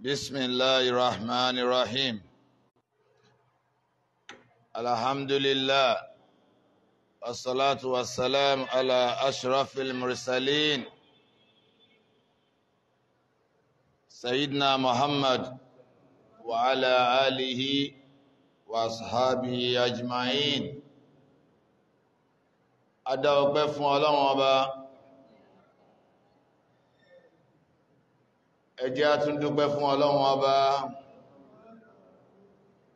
بسم الله الرحمن الرحيم الحمد لله والصلاة والسلام على أشرف المرسلين سيدنا محمد وعلى آله وأصحابه أجمعين أدعو بفو الله ẹ jẹ́ a tún dúpẹ́ fún ọlọ́run ọba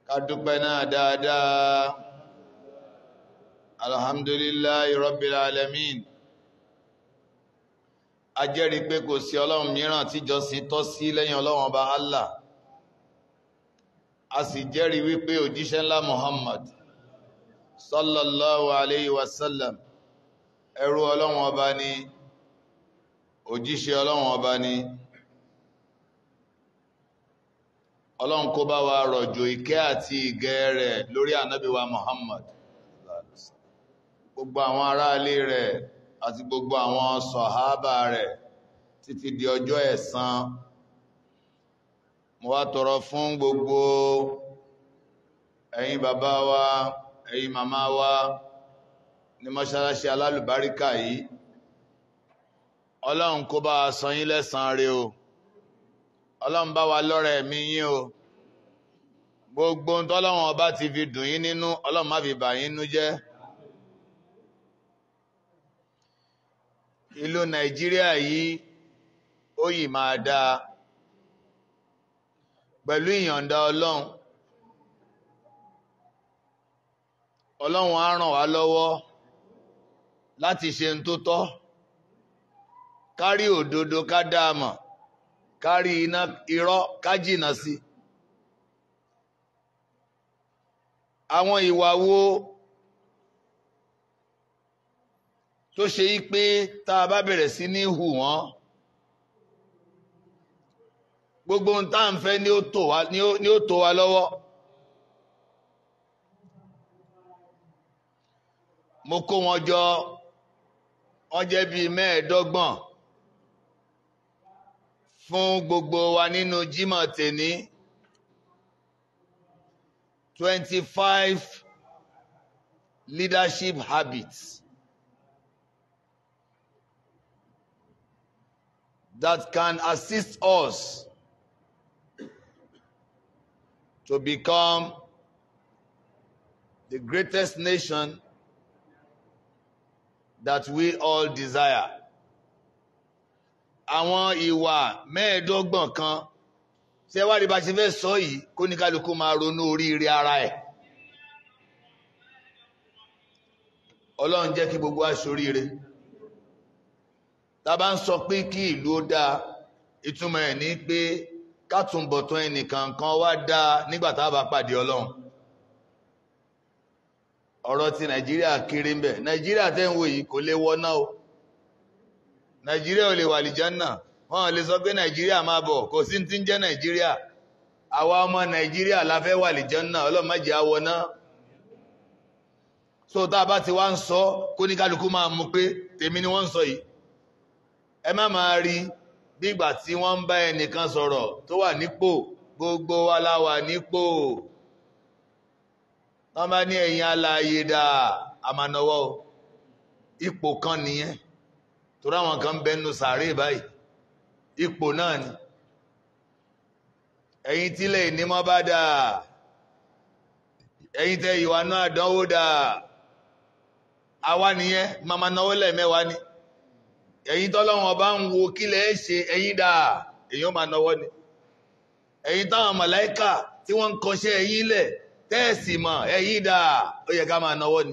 ká dúpẹ́ náà dáadáa alhamdulillahi rabbil alamin a jẹ́rìí pé kò sí ọlọ́run mìíràn tíjọsìn tọ́ sí lẹ́yìn ọlọ́run ọba allah a sì jẹ́rìí wípé òjíṣẹ́ ńlá muhammad sallallahu alayhi wa sallam ẹrú ọlọ́run ọba ni òjíṣẹ́ ọlọ́run ọba ni. ọlọ́run kó bá wa rọ̀jò ìkẹ́ àti ìgẹ́ rẹ̀ lórí ànábíwa Muhammad gbogbo àwọn aráalé rẹ̀ àti gbogbo àwọn sọ̀hábà rẹ̀ títí di ọjọ́ ẹ̀san mo wá tọrọ fún gbogbo ẹ̀yin bàbá wa ẹ̀yin màmá wa ní mọ́ṣáláṣí alálùbáríkà yìí ọlọ́run kó bá a san yín lẹ́san rẹ̀ o ọlọ́run bá wa lọ́rẹ̀ ẹ̀mí yín o gbogbo tọ́lọ́run ọba ti fi dùn yín nínú ọlọ́run má fi bà yín nú jẹ́ ìlú nàìjíríà yìí ó yìí máa dáa pẹ̀lú ìyọ̀ǹda ọlọ́run ọlọ́run á ràn wá lọ́wọ́ láti ṣe ń tó tọ́ kárí òdodo ká dáa mọ̀ kárí iná irọ́ kájìnà sí àwọn ìwà wo tó ṣe yí pé tá a bá bẹ̀rẹ̀ sí ní hù wọ́n gbogbo ohun tá à ń fẹ́ ni ó tó wa lọ́wọ́ mo kó wọn jọ wọ́n bíi mẹ́ẹ̀ẹ́dọ́gbọ̀n. fún gbogbo wa nínú jímọ̀ tèní 25 leadership habits that can assist us to become the greatest nation that we all desire. àwọn ìwà mẹ́ẹ̀ẹ́dọ́gbọ̀n kan tí ẹ wá rí bá ṣe fẹ́ sọ yìí kó ní kálukú máa ronú oríire ara ẹ̀ ọlọ́run jẹ́ kí gbogbo aṣoríire tá bá ń sọ pé kí ìlú ó dáa ìtumọ̀ ẹ̀ ní pé kátùnbọ̀tán ẹnìkan kan wá dáa nígbà tá a bá pàdé ọlọ́run ọ̀rọ̀ ti nàìjíríà kiri ń bẹ nàìjíríà tẹ́ ń wò yìí kò lè wọ o nàìjíríà ò lè wà lìjánà wọ́n lè sọ pé nàìjíríà máa bọ̀ kò sí ti ń jẹ́ nàìjíríà àwa ọmọ nàìjíríà la fẹ́ wà lìjánà ọlọ́mọdé awọná so tá a bá ti wá ń sọ kó ní kálukú máa mú pé tèmi ni wọ́n ń sọ yìí ẹ má máa rí bí ìgbà tí wọ́n ń bá ẹnìkan sọ̀rọ̀ tó wà nípò gbogbo wa la wà nípò wọ́n bá ní ẹ̀yin alààyè dà àmànàwọ́ ipò kan nìyẹn torí àwọn kan bẹnu sàárè báyìí ipò náà ni ẹ̀yin tílẹ̀ ìnímọ́ bá dáa ẹ̀yin tẹ ìwà náà dánwó dáa àwa nìyẹn mama náwó lẹ́ẹ̀mẹ́wàá ni ẹ̀yin tọ́lọ́wọ́n bá ń wo kílẹ̀ ṣe ẹ̀yin dáa èyàn máa náwó ni ẹ̀yin táwọn màláíkà tí wọ́n ń kọṣẹ́ ẹ̀yin lẹ̀ tẹ́ẹ̀sì mọ̀ ẹ̀yin dáa ó yẹ ká máa náwó ni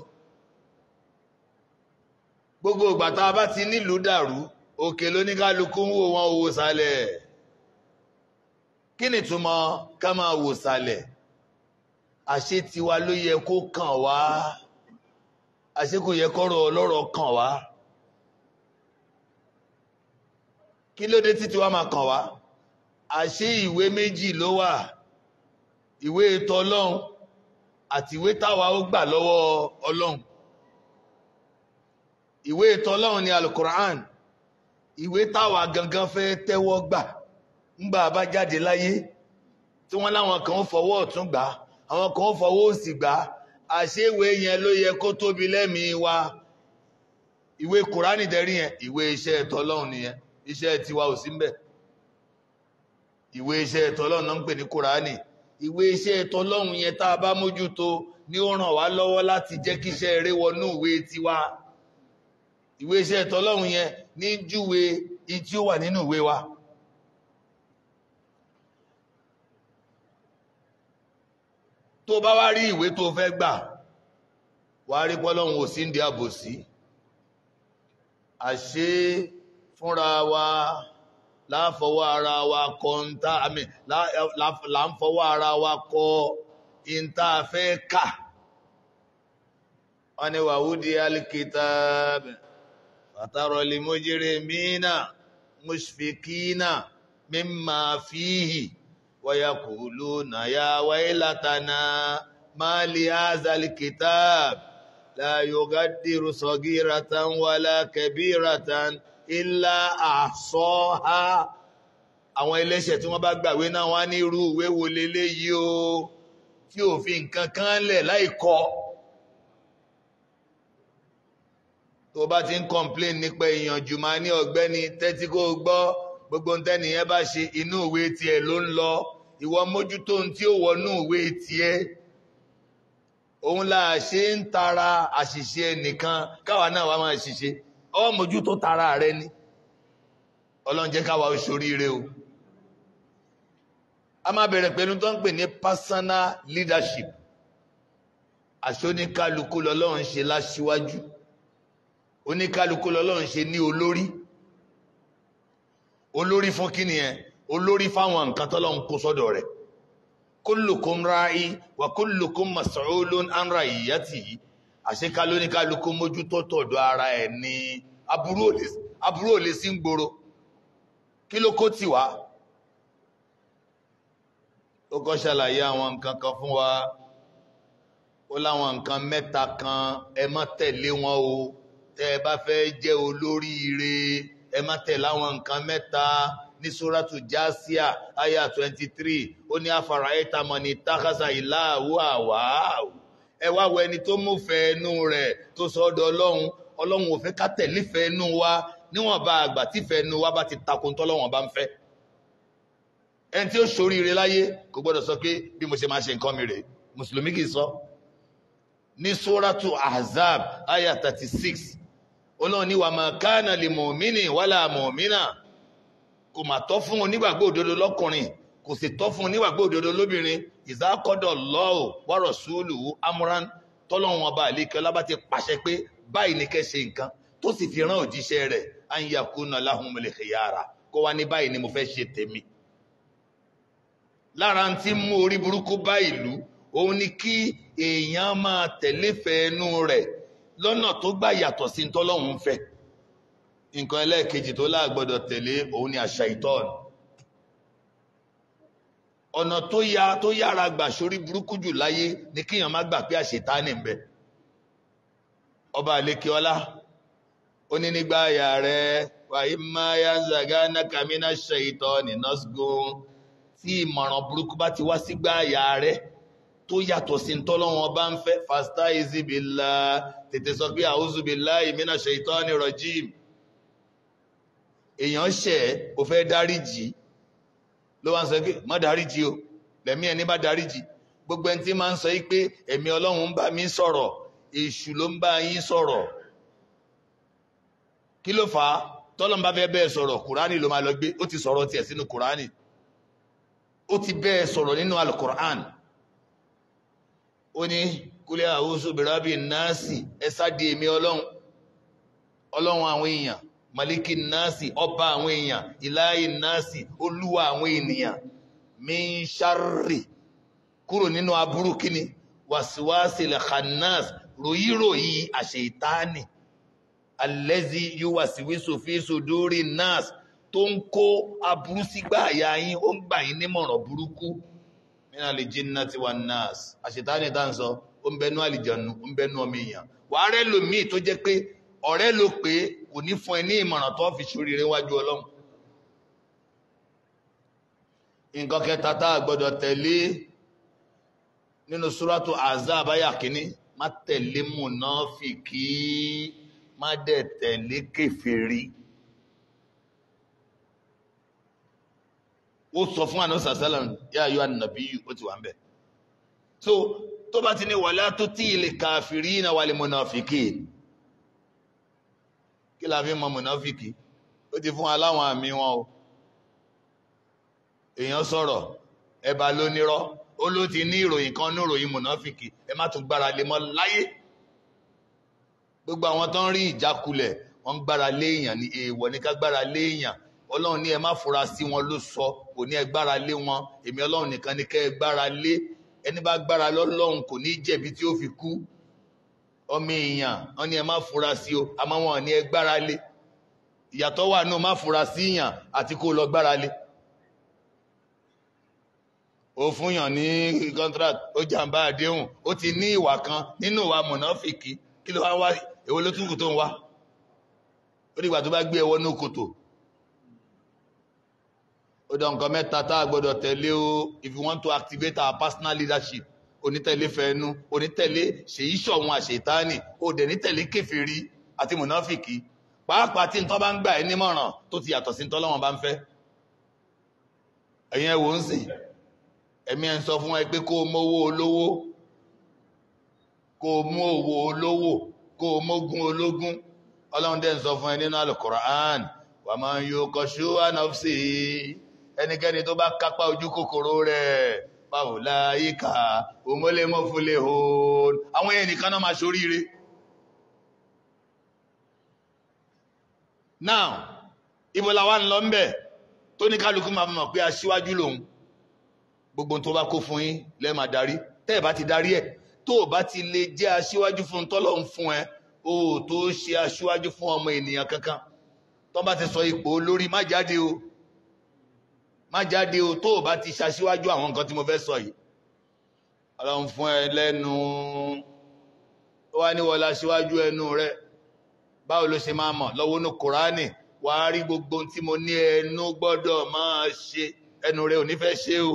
gbogbo ìgbà tá a bá ti nílùú dàrú òkè lóníkálukú ń wò wọn owó sálẹ̀ kí ni túmọ̀ ká máa wò sálẹ̀ àṣé tiwa ló yẹ kó kàn wá àṣé kò yẹ kọ́rọ̀ ọlọ́rọ̀ kàn wá kí ló dé tí tiwa máa kàn wá àṣé ìwé méjì ló wà ìwé ètò ọlọ́run táwa ó gbà lọ́wọ́ ọlọ́run ìwé ìtọ́lọ́run ni alukur'an ìwé táwa gangan fẹ́ tẹ́wọ́ gbà ńgbà bá jáde láyé tí wọ́n láwọn kan ń fọwọ́ ọ̀tún gbà àwọn kan ń fọwọ́ òsì gbà àṣewé yẹn ló yẹ kó tóbi lẹ́mìí wa ìwé kùránì dẹ́rí yẹn ìwé iṣẹ́ ìtọ́lọ́run nìyẹn iṣẹ́ tiwa ò sí ń bẹ̀ ìwé iṣẹ́ ìtọ́lọ́run náà ń pè ní kùránì ìwé iṣẹ́ ìtọ́lọ́run yẹn tá a bá mójútó ni ó ràn wá lọ́wọ́ láti jẹ́ kíṣẹ́ eré wọnú ìwé tiwa ìwé iṣẹ́ tọ́lọ́run yẹn ní júwe tí ó wà nínú ìwé wa tó bá wá rí ìwé tó fẹ́ gbà wà rí pọ́lọ́run ò ń di àbòsí àṣé fúnra wa láàfọwọ́ ara wa kọ ntá àmì láàfọwọ́ ara wa kọ ìntá fẹ́ kà wọ́n ni wàhúdí alìkítàbì فترى المجرمين مشفقين مما فيه ويقولون يا ويلتنا ما لهذا الكتاب لا يغادر صغيرة ولا كبيرة إلا أحصاها àwọn ẹlẹ́ṣẹ̀ tí wọ́n bá gbàwé náà wá ní irú ìwé wo leléyìí o tí òfin kankan lẹ̀ láìkọ́ tó bá ti ń complain nípa ìyànjú máa ní ọ̀gbẹ́ni tẹ́tí kó gbọ́ gbogbo tẹ́ni yẹn bá ṣe inú ìwé tiẹ̀ ló ń lọ ìwọ mójútó ohun tí ó wọnú ìwé tiẹ̀ òun la ṣe ń tara àṣìṣe ẹnìkan káwa náà wá máa ṣìṣe ọ mójútó tara rẹ ni ọlọ́run jẹ́ káwa ó ṣoríire o a máa bẹ̀rẹ̀ pẹ̀lú tó ń pè ní personal leadership àṣoníkálukú lọ́lọ́run ṣe láṣíwájú. La oníkálukú lọ́lọ́run ṣe ní olórí olórí fún kíni yẹn olórí fáwọn nǹkan tọ́lọ́run kó sọ́dọ̀ rẹ̀ kullukum ra'i wa kullukum mas'ulun an ra'iyatihi àṣekà lóníkálukú mójútó tọ̀dọ̀ ara ẹ̀ ní aburú òlé sí ń gbòòrò kí ló kó tì wá ó kọ́ ṣàlàyé àwọn nǹkan kan fún wa ó láwọn nǹkan mẹ́ta kan ẹ má tẹ̀lé wọn o tẹ́ ẹ bá fẹ́ jẹ́ olóríire ẹ má tẹ̀lé àwọn nǹkan mẹ́ta ní suratu jásíà aya twenty three ó ní afárá ẹ̀ta mọ̀ ní tákàsá ìláàwó àwáàwò ẹ wá wo ẹni tó mú fẹ́ ẹnu rẹ̀ tó sọ ọ́dọ̀ ọlọ́run ọlọ́run ò fẹ́ ká tẹ̀lé fẹ́ ẹnu wa níwọ̀nba àgbà tí fẹ́ ẹnu wa bá ti takun tọ́lọ́wọ̀n bá ń fẹ́ ẹni tí ó ṣoríire láyé kò gbọ́dọ̀ sọ pé bí mo ṣe máa ṣe nǹkan mi rèé mùsùlùmí kì í sọ ní suratu ahzab aya thirty six ọlọ́run ní wàmà kánà lè mọ̀mínì wàlà mọ̀mínà kò mà tọ́ fún onígbàgbọ́ òdodo lọ́kùnrin kò sì tọ́ fún onígbàgbọ́ òdodo lóbìnrin ìzákọ́dọ̀ lọ́ọ̀ wọ́rọ̀ sùúlù amúrán tọ́lọ́run ọba àlékẹ́ lábá ti pàṣẹ pé báyìí ni kẹ́ ṣe nǹkan tó sì fi rán òjíṣẹ́ rẹ̀ à ń yakuna láhùnmọ̀lẹ̀ kẹyàrá kó wá ní báyìí ni mo fẹ́ ṣe tèmi. lára ń tí mú orí burúkú bá ìlú òun ni kí èèyàn máa tẹ̀lé fẹ́ẹ́nú rẹ̀ lọ́nà tó gbà yàtọ̀ sí tọ́lọ́hun fẹ́ nǹkan ẹlẹ́ẹ̀kejì tó láàgbọ́dọ̀ tẹ̀lé òun ni àṣà ìtọ́n ọ̀nà tó ya tó yára gbà sórí burúkú jù láyé ni kíyàn má gbà pé àṣetánì ń bẹ ọba àlékeọlá ó ní nígbà àyà rẹ wàyí máa yá zàgá nákàmínà ṣe ìtọ́ nọ́sgùn tí ìmọ̀ràn burúkú bá ti wá sígbà àyà rẹ tó yàtọ̀ sí tọ́lọ́wọ́n bá ń fẹ́ fasta'iz billah tètè sọ pé a'udhu billahi minash shaitani rajim èèyàn ṣẹ̀ ò fẹ́ dáríjì ló wá ń sọ pé má dáríjì o lẹ́mí ẹni bá dáríjì gbogbo ẹni tí máa ń sọ yí pé ẹ̀mí ọlọ́run ń bá mi sọ̀rọ̀ èṣù ló ń bá yín sọ̀rọ̀ kí ló fà á tọ́lọ́n fẹ́ bẹ́ẹ̀ sọ̀rọ̀ kùránì ló máa lọ gbé ó ti sọ̀rọ̀ tiẹ̀ sínú kùránì ó ti bẹ́ẹ̀ sọ̀rọ̀ nínú alukùránì ó ní kúlẹ̀ àwòsù bìrábì náàsì di èmi ọlọ́run ọlọ́run àwọn èèyàn maliki náàsì ọba àwọn èèyàn ìláyè náàsì olúwa àwọn ènìyàn mínṣárì kúrò nínú aburú kíni wàsíwàsí lẹ́kànnás ròyíròyí àṣeìtáàni alẹ́zí yíwà síwísò fíṣò dórí náàs tó ń kó aburú sígbà àyà yín ó ń gbà yín nímọ̀ràn burúkú min al-jinnati wan-nas àṣetánì dáńsọ ó ń bẹnu àlìjànù ó ń bẹnu ọmọ èèyàn wàá rẹ lòmíì tó jẹ́ pé ọ̀rẹ́ ló fi ṣorí rẹ wájú Ọlọ́run nǹkan kẹta tá a gbọ́dọ̀ suratu Ahzab àyá kìíní má tẹ̀lé mùnáfìkì má dẹ̀ tẹ̀lé ó sọ fún àná sàṣálàm yá ayọ́ ànàbí ó ti wà ń bẹ̀. so tó bá ti ní wàlá tó tí ilé kàfìrí náà wà lè mọ̀nàfìkì kí la fi mọ mọ̀nàfìkì ó ti fún aláwọn àmì wọn o èèyàn sọ̀rọ̀ ẹ̀bà ló nírọ́ ó ló ti ní ìròyìn kan ní ìròyìn mọ̀nàfìkì ẹ má tún gbára lé mọ́ láyé gbogbo àwọn tó ń rí ìjákulẹ̀ wọ́n ń gbára léèyàn ní èèwọ̀ ní ká gbára léèyàn ọlọ́run ní ẹ má fura sí wọn ló sọ kò ní ẹ gbára lé wọn èmi ọlọ́run nìkan ni kẹ́ ẹ gbára lé ẹni bá gbára lọ́lọ́run kò ní jẹ̀bi tí ó fi kú ọmọ èèyàn wọn ní ẹ má fura sí o àmọ́ wọn ní ẹ gbára lé ìyàtọ̀ wà nù má fura sí yàn àti kó lọ gbára lé ó fún yàn ní contract ó jàǹbá àdéhùn ó ti ní ìwà kan nínú ìwà mọ̀nàfìkì kí ló wá wá èwo ló tún kù tó ń wá ó dìgbà tó bá gbé ẹwọ́ ní kòtò ó dán nǹkan mẹ́ta tá a gbọ́dọ̀ tẹ̀lé o if you want to activate our personal leadership onítẹ̀lé fẹ́nu onítẹ̀lé ṣèyí ṣọ̀hun àṣetáni òdẹ̀ nítẹ̀lé kẹfìrí àti mùnáfìkì pàápàá tí nǹkan bá ń gbà ẹ́ nímọ̀ràn tó ti yàtọ̀ sí tọ́lọ́wọ́n bá ń fẹ́ ẹ̀yin ẹ wò ń sìn ẹ̀mí ẹ̀ ń sọ fún ẹ pé kó o mówó olówó kó o mú owó olówó kó o mógún ológún ọlọ́run dẹ̀ ń sọ fún ẹ nínú Al-Qur'an wa man yuqashu nafsihi ẹnikẹ́ni tó bá kápá ojú kòkòrò rẹ̀ báwo láyíká òmólẹ́mọ́ fúnlẹ̀ òun àwọn èèyàn nìkan náà máa ṣoríire now ìbọ̀là wa ń lọ ńbẹ̀ tó ní kálukú máa mọ̀ pé aṣíwájú lòun gbogbo tó bá kó fún yín lẹ́ẹ̀ máa darí tẹ́ ẹ̀ bá ti darí ẹ̀ tó o bá ti lè jẹ́ aṣíwájú fún tọ́lọ̀ ń fún ẹ o tó ṣe aṣíwájú fún ọmọ ènìyàn kankan tó bá ti sọ ipò olórí má jáde o má jáde o tó o bá ti ṣaṣíwájú àwọn nǹkan tí mo fẹ́ sọ yìí ọlọ́run fún ẹ lẹ́nu ó wá ní wọlá síwájú ẹnu rẹ báwo ló ṣe máa mọ̀ lọ́wọ́ ní kùránì wà á rí gbogbo tí mo ní ẹnu gbọ́dọ̀ máa ṣe ẹnu rẹ ò ní fẹ́ ṣe o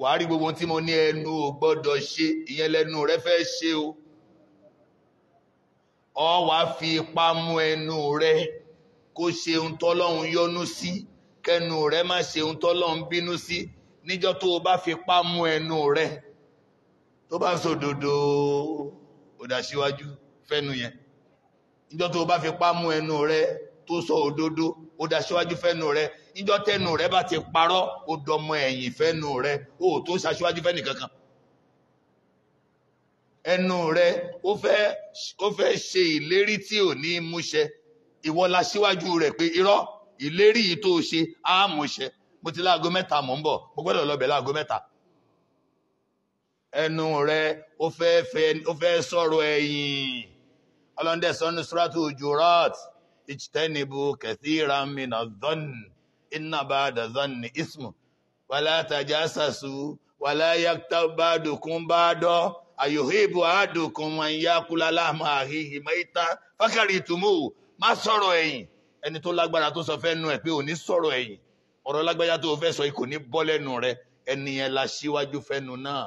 wà á rí gbogbo tí mo ní ẹnu ò gbọ́dọ̀ ṣe ìyẹn lẹ́nu rẹ fẹ́ ṣe o ọ wà fi ipá mú ẹnu rẹ kó ṣe ohun tọ́lọ́run yọ́nú sí. Si kẹnu rẹ má ṣe ohun tọ́lọ́run bínú sí níjọ́ tó o bá fipá mú ẹnu rẹ tó bá ń sòdodo òdàṣíwájú fẹ́nu yẹn níjọ́ tó o bá fipá mú ẹnu rẹ tó sọ òdodo òdàṣíwájú fẹ́nu rẹ níjọ́ tẹnu rẹ bá ti parọ́ ó dọmọ ẹ̀yìn fẹ́nu rẹ ó tó ṣaṣíwájú fẹ́ni kankan ẹnu rẹ ó fẹ́ ó fẹ́ ṣe ìlérí tí ò ní múṣẹ ìwọ rẹ pé irọ́ ìlérí yìí tó ṣe á múṣẹ mo ti láago mẹ́ta mò ń bọ̀ mo gbọ́dọ̀ lọ bẹ̀ láago mẹ́ta ẹnu rẹ ó fẹ́ fẹ́ ó fẹ́ sọ̀rọ̀ ẹ̀yìn ọlọ́ndẹ sọ́nù suratu Hujurat ijtanibu kathiran mina dhann inna ba'da dhanni ismu wala tajassasu wala yaktab ba'dukum ba'da ayuhibbu ahadukum an yakula lahma akhihi maytan fakarihtumuhu má sọ̀rọ̀ ẹ̀yìn ẹni tó lágbára tó sọ fẹ́nu ẹ̀ pé ò ní sọ̀rọ̀ ẹ̀yìn ọ̀rọ̀ lágbájá tó fẹ́ sọ ikò ní bọ́ lẹ́nu rẹ ẹni yẹn la síwájú fẹ́nu náà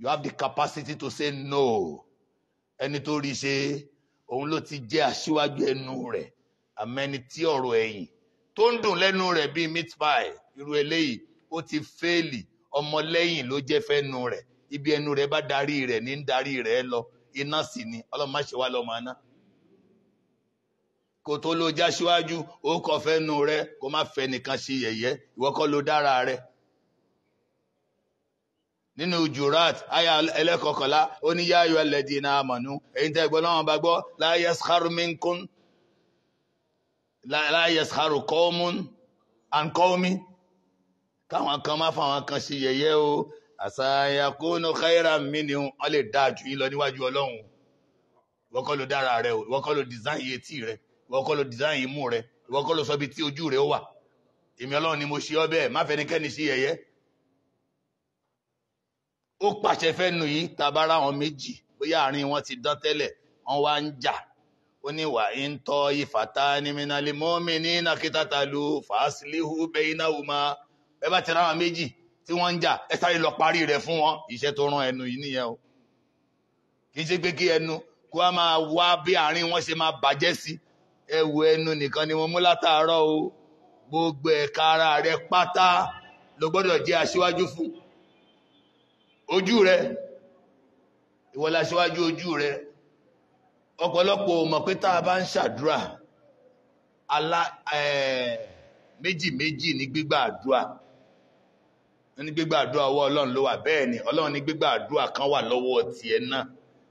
you have the capacity to say no ẹni tó rí ṣe òun ló ti jẹ́ aṣíwájú ẹnu rẹ̀ àmẹ́ni tí ọ̀rọ̀ ẹ̀yìn tó ń dùn lẹ́nu rẹ̀ bíi meat pie irú eléyìí ó ti fẹ́ẹ̀lì ọmọlẹ́yìn ló jẹ́ fẹ́nu rẹ̀ ibi ẹnu rẹ̀ bá darí rẹ̀ ní darí rẹ̀ lọ iná sì ni ọlọ́mọ àṣewá lọ́mọ aná kò tó lo já síwájú ó kọ fẹ́nu rẹ kó má fẹ́ nìkan sí yẹ̀yẹ́ ìwọ kọ́ ló dára rẹ nínú jurat aya ẹlẹ́kọ̀kọ̀lá ó ní yáyọ ẹlẹ́dì iná àmọ̀nú èyí tẹ́ gbọ́n náà bá gbọ́ la yaskharu minkum la yaskharu qawmun an qawmin káwọn kan má fáwọn kan sí yẹ̀yẹ́ o àṣà yakunu khairan minhum wọ́n lè dáa jù yín lọ níwájú ọlọ́run ìwọ kọ́ ló dára rẹ o ìwọ kọ́ ló dìzáìn etí rẹ̀ ìwọ kọ́ ló design imú rẹ ìwọ kọ́ ló sọ bí tí ojú rẹ ó wà èmi ọlọ́run ni mo ṣe ọ bẹ́ẹ̀ má fẹnikẹ́ni sí yẹ̀yẹ́ ó pàṣẹ fẹ́nu yìí tabara àwọn méjì bóyá àárín wọn ti dán tẹ́lẹ̀ wọn wá ń jà ó ní wà ń tọ́ ìfàtà nímínálì mọ́mí ní nàkítàtà lu fàásìlíhù bẹ́yìnáwùmá ẹ bá ti ráwọn méjì tí wọ́n ń jà ẹ sáré lọ parí rẹ̀ fún wọn iṣẹ́ tó rán ẹnu yìí nìyẹn o kì í ṣe pé kí ẹnu kó a máa wá bí àárín wọn ṣe máa bàjẹ́ sí i ẹwù ẹnu nìkan ni mo mú látàárọ̀ o gbogbo ẹ̀ka ara rẹ pátá ló gbọ́dọ̀ jẹ́ aṣíwájú fún ojú rẹ ìwọ láṣíwájú ojú rẹ ọ̀pọ̀lọpọ̀ mọ̀ pé tá a bá ń ṣàdúrà alá méjì méjì ní gbígbà àdúrà ní gbígbà àdúrà ọwọ́ ọlọ́run ló wà bẹ́ẹ̀ ni ọlọ́run ní gbígbà àdúrà kan wà lọ́wọ́ tiẹ̀ náà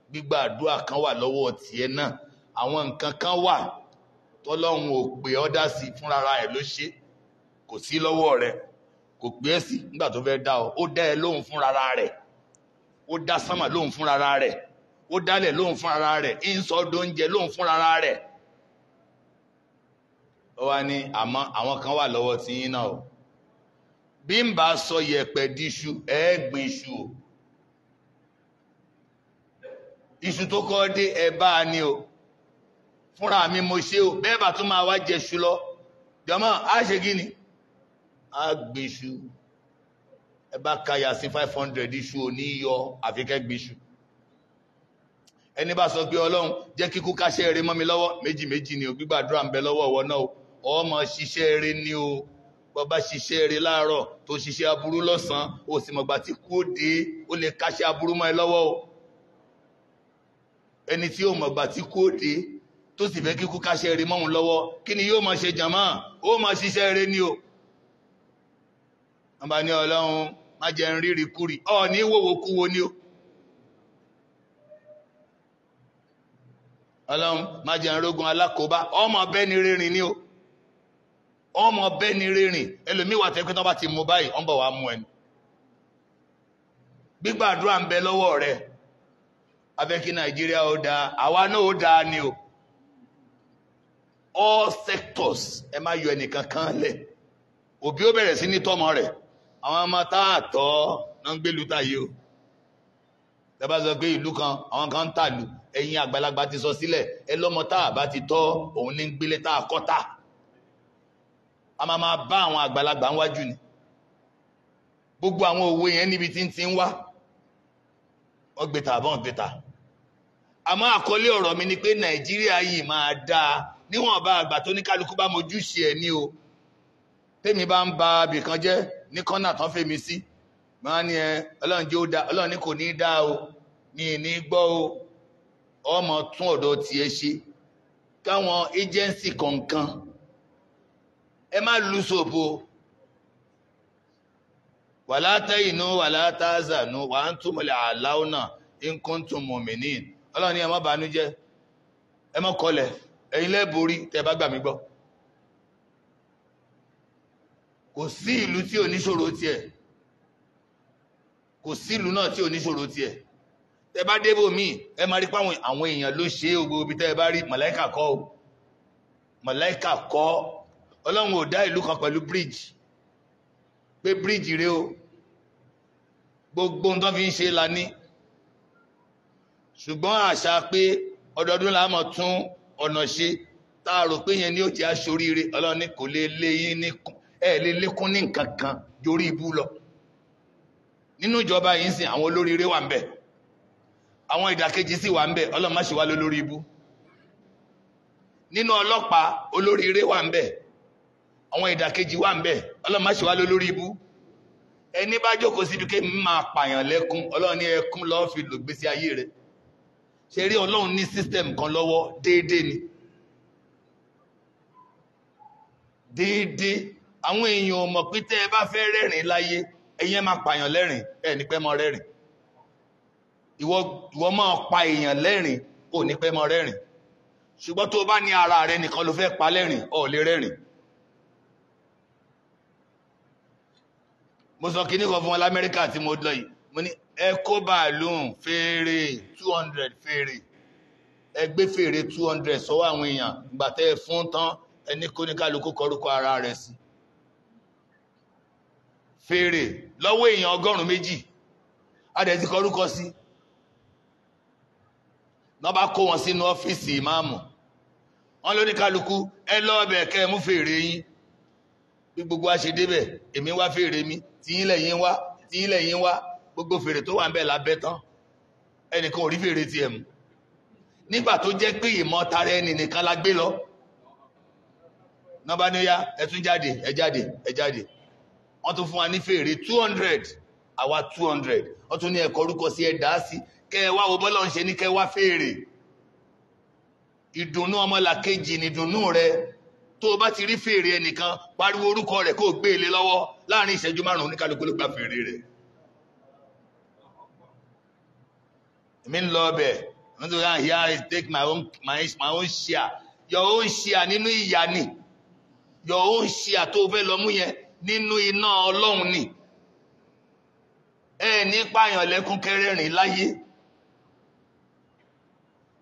gbígbà àdúrà kan wà lọ́wọ́ tiẹ̀ náà àwọn nǹkan kan wà tọ́lọ́run ò pè ọ́ dá sí fúnra ẹ̀ ló ṣe kò sí lọ́wọ́ rẹ̀ kò pè é sí nígbà tó fẹ́ dá ọ ó dá ẹ lóhùn fúnra rẹ̀ ó dá sánmà lóhùn fúnra rẹ̀ ó dálẹ̀ lóhùn fúnra rẹ̀ ìsọdóúnjẹ lóhùn fúnra rẹ̀ ó wá ní àmọ́ àwọn kan wà lọ́wọ́ tí yín náà o bí n bá sọ yẹ̀pẹ̀ díṣu ẹ gbìn iṣu o iṣu tó kọ́ dé ẹ bá a ní o fúnra mi mo ṣe o bẹ́ẹ̀ bá tún máa wá jẹṣu lọ jọmọ́ á ṣe kí ni á gbèṣu ẹ bá kàyà sí five hundred iṣu òní yọ àfikẹ́ gbèṣu ẹni bá sọ pé ọlọ́run jẹ́ kíkú káṣẹ́ eré mọ́ mi lọ́wọ́ méjì méjì ni o gbígbàdúrà ń bẹ lọ́wọ́ ọ̀wọ́ náà o ọmọ ṣiṣẹ́ eré ni o bàbá ṣiṣẹ́ eré láàárọ̀ tó ṣiṣẹ́ aburú lọ́sàn-án o sì mọ̀gbà tí kú ó dé ó lè káṣẹ́ aburú mọ́ ẹ lọ́wọ́ o ẹni tí ó mọ̀gbà tí kú ó tó sì fẹ́ kíkú káṣẹ́ rí mọ́hun lọ́wọ́ kí ni yóò máa ṣe jàmá ó máa ṣiṣẹ́ rẹ ni o wọ́n bá ní ọlọ́run má jẹ́ ń rí rìkúrì ọ̀ ní wòwò kú wo ni o ọlọ́run má jẹ́ ń rógun alákòóbá ọmọ bẹ́ẹ̀ ni rírìn ni o ọmọ bẹ́ẹ̀ ni rírìn ẹlòmíwà tẹ́kùn tó bá ti mú báyìí ọmọ wa mú ẹni gbígbàdúrà ń bẹ lọ́wọ́ rẹ̀ a nàìjíríà ó dáa àwa náà ó dáa ni o all sectors ẹ má yọ ẹnìkan kan lẹ̀ òbí ó bẹ̀rẹ̀ sí ní tọ́mọ rẹ̀ àwọn ọmọ tá a tọ́ náà ń gbé lu táyé o tẹ́bá sọ pé ìlú kan àwọn kan ń tàlù ẹ̀yin àgbàlagbà ti sọ sílẹ̀ ẹ lọ́mọ tá a bá ti tọ́ òun ní gbélé tá a kọ́ tà a máa máa bá àwọn àgbàlagbà ń wájú ni gbogbo àwọn òwe yẹn níbi tí ń ti ń wá ọgbẹ̀ta àbọ̀ǹgbẹ̀ta àmọ́ àkọlé ọ̀rọ̀ mi ni pé nàìjíríà yìí máa dáa níwọ̀n ọba àgbà tó ní kálukú bá mojú ṣe ẹ̀ ní o tèmi bá ń ba abìkan jẹ́ ní kọ́nà tán fèmi sí máa ní ẹ ọlọ́run jẹ́ ó dá ọlọ́run ní kò ní í dá o ní ìní gbọ́ o ọmọ tún ọ̀dọ̀ tiẹ̀ ṣe káwọn agency kọ̀ọ̀kan ẹ má lu sòpò wàlá tẹ́yìnú wàlá tààzànú wà á ń túmọ̀lẹ̀ àláwọ̀ náà ń kún tún mọ̀mìnì ọlọ́run ní ẹ má bànújẹ́ ẹ má ẹ̀yin lẹ́borí tẹ́ bá gbà mí gbọ́ kò sí ìlú tí ò níṣòro tiẹ̀ kò sí ìlú náà tí ò níṣòro tiẹ̀ tẹ́ bá débò míì ẹ máa rí páwọn àwọn èèyàn ló ṣe é gbogbo tẹ́ bá rí màláìkà kọ́ o màláìkà kọ́ ọlọ́run ò dá ìlú kan pẹ̀lú bíríìjì pé bíríìjì rèé o gbogbo ohun tó fi ń ṣe la ní ṣùgbọ́n àṣà pé ọdọọdún la mọ̀ tún ọ̀nà ṣe tá a rò pé yẹn ni ó jẹ́ aṣoríire ọlọ́run ní kò lè lé yín ní ẹ̀ lè lékún ní nǹkan kan jórí ibú lọ nínú ìjọba yìí ń sìn àwọn olóríire wà ń bẹ àwọn ìdàkejì sì wà ń bẹ ọlọ́run má ṣe wá lólórí ibú nínú ọlọ́pàá olóríire wà ń bẹ àwọn ìdàkejì wà ń bẹ ọlọ́run má ṣe wá lólórí ibú ẹni bá jókòó síbi ké máa pààyàn lẹ́kún ọlọ́run ní ẹkún lọ́ọ́ fi lògbésí ayé rẹ̀ ṣe rí ọlọ́run ní system kan lọ́wọ́ déédéé ni déédéé àwọn èèyàn ò mọ̀ pé tẹ́ ẹ bá fẹ́ rẹ́rìn láyé ẹ̀yin máa pààyàn lẹ́rìn ẹ̀ ní pẹ́ mọ́ rẹ́rìn ìwọ máa pa èèyàn lẹ́rìn ò ní pẹ́ mọ́ rẹ́rìn ṣùgbọ́n tó bá ní ara rẹ nìkan ló fẹ́ pa lẹ́rìn ò lè rẹ́rìn mo sọ kíní kan fún wọn lamẹ́ríkà tí mo lọ yìí mo ní ẹkó bàálùn fèrè 200 fèrè ẹgbẹ́ fèrè 200 sọ́wọ́ àwọn èèyàn gbàtẹ́ fún tán ẹni kó ní kálukú kọrúkọ ara rẹ̀ sí fèrè lọ́wọ́ èèyàn ọgọ́rùn-ún méjì adẹ̀ ti kọrúkọ sí lọ́ bá kó wọn sínú ọ́fíìsì ìmáàmù wọn ló ní kálukú ẹ lọ́ọ̀bẹ̀ kẹ́ mú fèrè yín bí gbogbo a ṣe èmi wá fèrè mi tìyín lẹ́yìn wá tìyín lẹ́yìn wá gbogbo fèrè tó wà ń bẹ̀ lábẹ́ tán ẹnìkan ò rí fèrè tiẹ̀ mú nígbà tó jẹ́ pé ìmọ̀ tara ẹni nìkan la gbé lọ nọ́bá ní yá ẹ tún jáde ẹ jáde ẹ jáde wọ́n tún fún wa ní fèrè two hundred àwa two hundred wọ́n tún ní ẹ̀kọ́ orúkọ sí ẹ dá sí kẹ́ ẹ wá wo bọ́lá ń ṣe ní kẹ́ ẹ wá fèrè ìdùnnú ọmọlàkejì nìdùnnú rẹ tó o bá ti rí fèrè ẹnìkan pariwo orúkọ rẹ kó o gbé e lé lọ́wọ́ láàrin ìṣẹ́jú márùn-ún oníkálukú ló gba fèrè rẹ̀. èmi ń lọ ọbẹ̀ i'm not gonna here is take my own my, my own share your own share nínú ìyà ni your own share tó fẹ́ lọ mú yẹn nínú iná ọlọ́run ni ẹ ní pààyàn lẹ́kún kẹrẹ́rìn láyé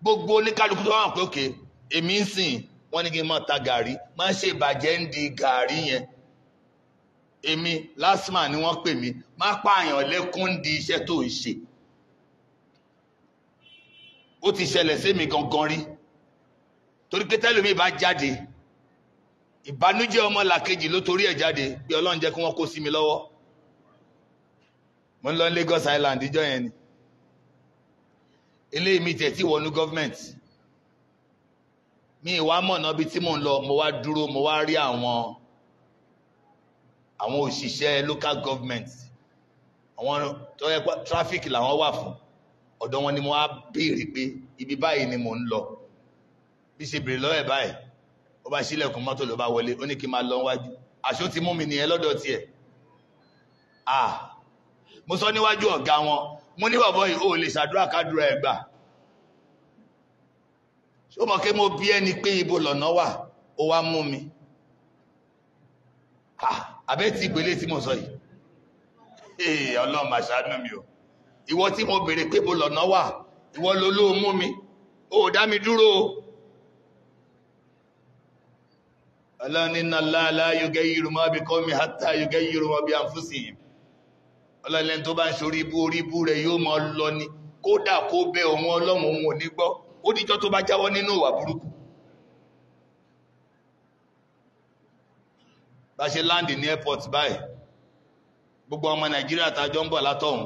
gbogbo oníkálukú tó wà pé òkè èmi ń sìn wọ́n ní kí n máa ta gàrí máa ṣe ìbàjẹ́ ń di gàrí yẹn èmi lásìmà ni wọ́n pè mí má pààyàn lẹ́kún ń di iṣẹ́ tó ń ṣe ó ti ṣẹlẹ̀ sẹ́mi gangan rí torí pé tẹ́lómi bá jáde ìbànújẹ́ ọmọ làkejì ló torí ẹ̀ jáde bí ọlọ́run jẹ́ kí wọ́n kó sí mi lọ́wọ́ mo ń lọ Lagos Island ìjọ yẹn ni eléyìí mi tẹ̀ tí wọnú gọ́fìmẹ̀ntì mi ìwà mọ̀nà bíi tí mò ń lọ mo wá dúró mo wá rí àwọn àwọn òṣìṣẹ́ local government àwọn tó yẹ pé traffic làwọn wà fún ọ̀dọ̀ wọn ni mo wá béèrè pé ibi báyìí ni mò ń lọ bí ṣe béèrè lọ́wọ́ ẹ̀ báyìí ó bá ṣílẹ̀kùn mọ́tò ló bá wọlé ó ní kí n máa lọ wájú àṣó ti mú mi nìyẹn lọ́dọ̀ tiẹ̀ ah mo sọ níwájú ọ̀gá wọn mo ní bàbá yìí ó lè ṣàdúrà kádùrà ẹ̀ gbà ṣó mọ̀ kí mo bí ẹni pé ibo lọ̀nà wà ó wá mú mi àbẹ́ ti gbélé tí mo sọ yìí ọlọ́run máa ṣàánú mi o ìwọ tí mo béèrè pé mo lọ̀nà wà ìwọ ló ló mú mi ó dá mi dúró o. ọlọ́run ní iná láàlá yóò yìí mọ́ bí kọ́mi hátà yóò yìí mọ́ bí àǹfúsì ọlọ́run tó bá ń sorí ibú orí ibú rẹ̀ yóò mọ́ lọ ni kódà kó bẹ òun ọlọ́run òun ò ní gbọ́ ó díjọ́ tó bá jáwọ́ nínú ìwà burúkú bá ṣe láǹdì ní airport báyìí gbogbo ọmọ nàìjíríà tá a jọ ń bọ̀ látọ̀hún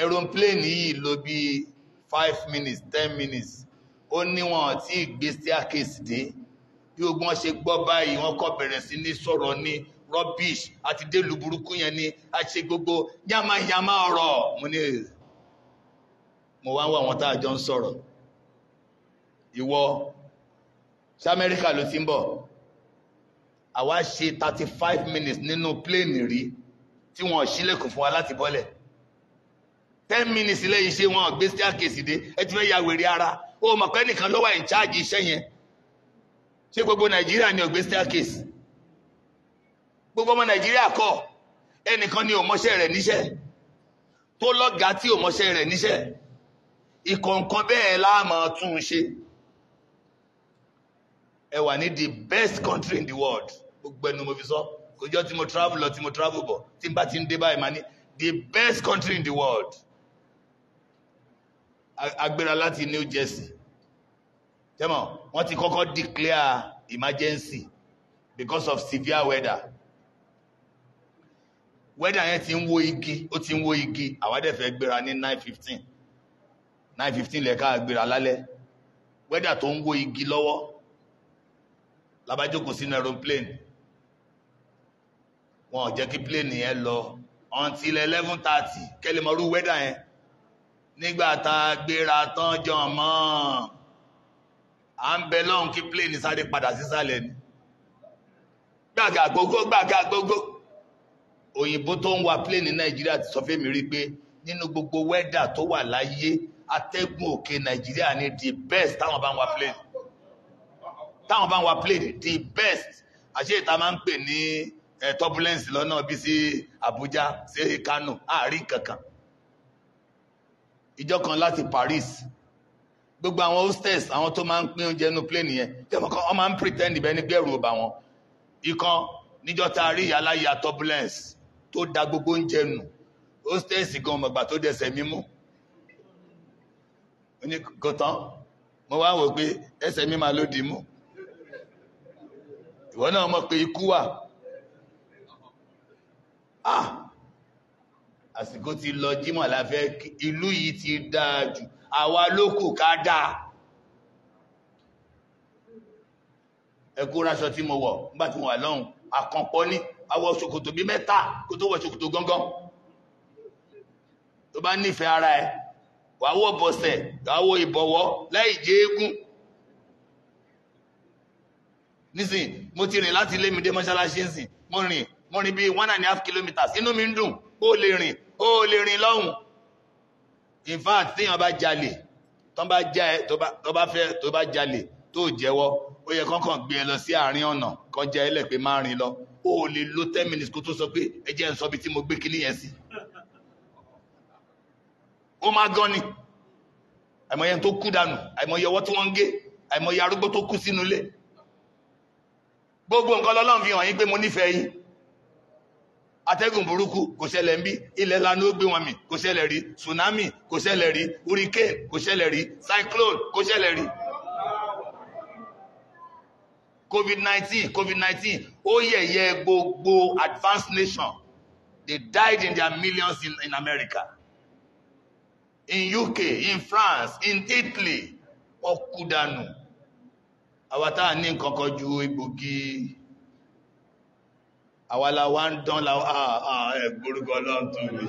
aeroplane yìí ló bí five minutes ten minutes ó níwọ̀n tí ìgbé staircase dé bí ogun wọn ṣe gbọ́ báyìí wọ́n kọ́ bẹ̀rẹ̀ sí ní sọ̀rọ̀ ní rubbish àti délùú burúkú yẹn ni a ṣe gbogbo yàmáyàmá ọ̀rọ̀ mo ní mo wá ń wá àwọn tá a jọ ń sọ̀rọ̀ ìwọ ṣé amẹ́ríkà ló ti ń bọ̀ àwa ṣe thirty five minutes nínú pléènì rí tí wọn ò ṣílẹ̀kùn fún wa láti bọ́lẹ̀ ten minutes lẹ́yìn ṣé wọn gbé staircase dé ẹ ti fẹ́ ya wèrè ara ó mọ̀ pé nìkan ló wà in charge iṣẹ́ yẹn ṣé gbogbo nàìjíríà ni ó gbé staircase gbogbo ọmọ nàìjíríà kọ́ ẹnìkan ni òmọṣẹ́ rẹ̀ níṣẹ́ tó lọ́gá tí òmọṣẹ́ rẹ̀ níṣẹ́ ìkọ̀ọ̀kan bẹ́ẹ̀ la máa tún ṣe ẹ wà ní the best country in the world gbogbo ẹnu mo fi sọ kò jọ tí mo travel lọ tí mo travel bọ̀ tí n bá ti ń dé báyìí máa ní the best country in the world agbéra láti New Jersey tẹ́mọ̀ wọ́n ti kọ́kọ́ declare emergency because of severe weather weather yẹn ti ń wó igi ó ti ń wó igi àwádẹ́fẹ́ gbéra ní 9:15 9:15 lẹ́ka gbéra lálẹ́ weather tó ń wó igi lọ́wọ́ labájókòó sínú aeroplane wọn ò jẹ́ kí plane yẹn lọ until 11:30 kẹ́lẹ́mọ̀rú weather yẹn nígbàtà gbéra tán jọ mọ́ à ń bẹ lọ́hùn kí pléènì sáré padà sísàlẹ̀ ni gbàgà gbogbo gbàgà gbogbo òyìnbó tó ń wa pléènì nàìjíríà ti sọ fẹ́mi rí pé nínú gbogbo wẹ́dà tó wà láyé atẹ́gùn òkè nàìjíríà ni the best táwọn bá ń wa plane táwọn bá ń wa plane the best àṣé ìta máa ń pè ní eh, turbulence lọ́nà bí sí Àbújá sí Kánò àárín kankan ìjọ kan láti Paris gbogbo àwọn hostess àwọn tó máa ń pín oúnjẹ inú plane yẹn tẹmọ kan wọn máa ń pretend ibẹ̀ ní bẹ̀rù ọba wọn ìkan níjọ́ tá a rí aláya turbulence tó da gbogbo oúnjẹ nù hostess gan ọmọgbà tó dẹsẹ̀ mímú ní kò tán mo wá wò pé ẹsẹ̀ mi máa ló dì mú ìwọ náà mọ̀ pé ikú wà ah àsìkò ti lọ jímọ̀ láfẹ́ ìlú yìí ti dáa jù àwa lókù ká dáa ẹkú ráṣọ tí mo wọ̀ nígbà tí mo wà lọ́hùn àkànpọ̀ ní àwọ̀ ṣòkòtò bí mẹ́ta kó tó wọ̀ ṣòkòtò gángan tó bá nífẹ̀ẹ́ ara ẹ̀ wàá bọ̀sẹ̀ wàá wọ̀ láì jẹ́ eégún nísìn mo ti rìn láti ilé mi dé mọ́ṣáláṣí nsìn mo rìn mo rìn bíi one and a half kilometers inú mi ń dùn ó lè rìn ó lè rìn lọ́hùn in fact téèyàn bá jalè tó bá já ẹ tó bá fẹ́ tó bá jalè tó jẹ́wọ́ ó yẹ kọ́kàn gbé ẹ lọ sí àárín ọ̀nà kọjá ẹlẹ́ pé má rìn lọ ó lè lo ten minutes kó tó sọ pé ẹ jẹ́ ń sọ bí tí mo gbé kinní yẹn sí ó máa gan ni àìmọye tó kú dànù àìmọye ọwọ́ tí wọ́n ń gé àìmọye arúgbó tó kú sínú ilé gbogbo nǹkan lọ́lọ́run fi hàn yín pé mo nífẹ̀ẹ́ yín atẹ́gùn burúkú kò ṣẹlẹ̀ ń bí ilẹ̀ lanu ó gbé wọn mì kò ṣẹlẹ̀ rí tsunami kò ṣẹlẹ̀ rí hurricane kò ṣẹlẹ̀ rí cyclone kò ṣẹlẹ̀ rí covid nineteen covid-19 ó yẹ̀yẹ́ gbogbo advanced nation they died in their millions in, in America in UK in France in Italy ọkùdànù àwọn táà ní nǹkan kan ju egbògi àwàlà wa ń dán láwọ́ ẹgbórúkọ lọ́ntún mi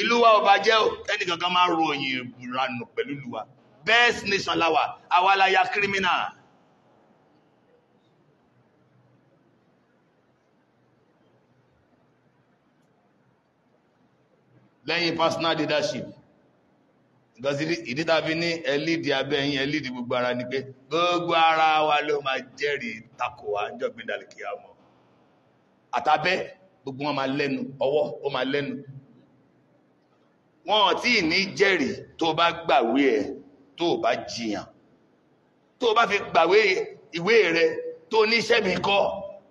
ìlú wa ò bàjẹ́ ẹnìkankan máa ro òyìn ìbùranù pẹ̀lú ìlú wa best nation láwà àwàlà ya criminal lẹ́yìn personal leadership gọ́sí ìdí tàbí ní ẹlídìí abẹ́ yín ẹlídìí gbogbo ara ni pé gbogbo ara wa ló máa jẹ́rìí takò wa ń jọ́gbìn dàlìkì àmọ́ àtàbẹ́ gbogbo wọn máa lẹ́nu ọwọ́ ó máa lẹ́nu wọn tí ní jẹ́rìí tó bá gbàwé ẹ̀ tó bá jiyàn tó bá fi gbàwé ìwé rẹ̀ tó níṣẹ́ mi kọ́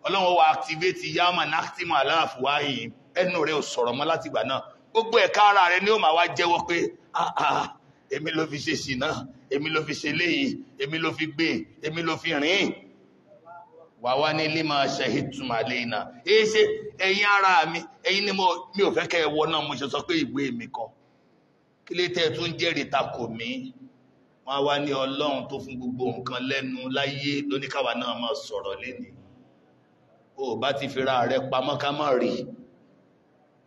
ọlọ́run wa activate yama nactimo aláàfùwá yìí ẹnu rẹ̀ ò sọ̀rọ̀ mọ́ látìgbà náà gbogbo ẹ̀ka ara rẹ̀ ni ó máa wá jẹ́wọ́ pé ah ah èmi ló fi ṣe ṣìnà èmi ló fi ṣe léyìí èmi ló fi gbé èmi ló fi rìn wà wá ní lima ṣahidtum alaina èyí ṣe ẹ̀yin ara mi ẹ̀yin ni mi ò fẹ́ kẹ́ ẹ wọ náà mo ṣe sọ pé ìwé mi kọ́ kí lè tẹ́ ẹ tún jẹ́rìí takò mí wọ́n wá ní ọlọ́run tó fún gbogbo nǹkan lẹ́nu láyé lóníkàwà náà máa sọ̀rọ̀ lénìí o bá ti fira rẹ pamọ́ ká má rí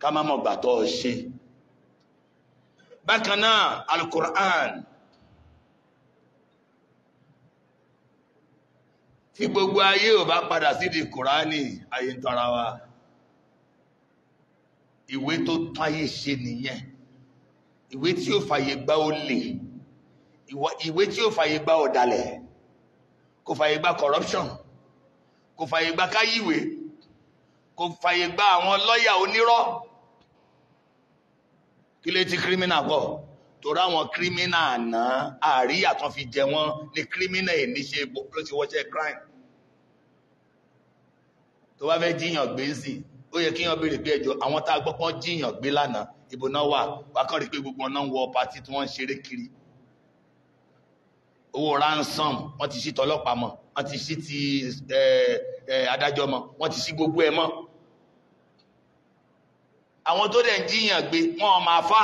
ká má mọ̀ gbà ṣe bákan náà alukur'an tí gbogbo ayé ò bá padà sídìí kùránì ayé ń tọ́ra wa ìwé tó tún ayé ṣe nìyẹn ìwé tí ó fàyè gbà olè ìwé tí ó fàyè gbà ọ̀dàlẹ̀ kò fàyè gbà corruption kò fàyè gbà káyíwé kò fàyè gbà àwọn lọ́yà onírọ́ kí lè ti kírímínà pọ̀ torí àwọn kírímínà àná àríyà tán fi jẹ wọ́n ní kírímínà èní ṣe ló ti wọ́ṣẹ́ crime tó bá fẹ́ jíyàn gbé sí ó yẹ kíyàn béèrè pé ẹjọ́ àwọn tá a gbọ́ pọ́n jíyàn gbé lánàá ibo náà wà wákàn rí pé gbogbo náà ń wọ pátí tí wọ́n ń ṣeré kiri owó ransom wọ́n ti ṣí tọlọ́pàá mọ́ wọ́n ti ṣí ti adájọ́ mọ́ wọ́n ti ṣí gbogbo ẹ̀ mọ́ àwọn tó dẹ̀ ń jiyàn gbé wọn máa fà